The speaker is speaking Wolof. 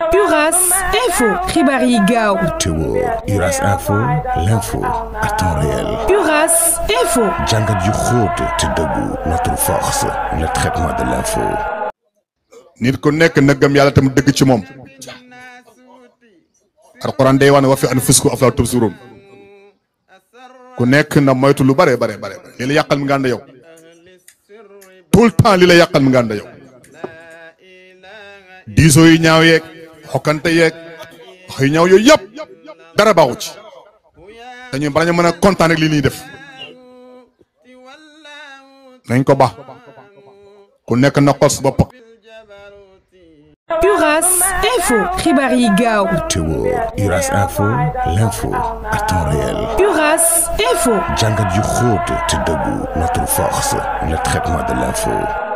Uras Info xibaar yi gaaw te wóor Uras Info jàngat yu xóot te dëggu notre force le traitement de l'info nit ku nekk na gëm yàlla tam dëgg ci moom alxuraan day wax ne wa fi anfusikum afalaa tubsiruun ku nekk na moytu lu bare bare bare li la yàqal mi nga ànd yow tout le temps la yàqal mi nga ànd yow diisoo yu xokkante yeeg xëy ñaaw yooyu yëpp dara baaxu ci dañuy bala ñu mën a kontaan ak li ñuy def nañ ko baax ku nekk na xos bopp Uras Info xibaar yi gaaw te wóor Uras Info l'info à temps réel Uras Info jàngat yu xóot te dëggu notre force le traitement de l'info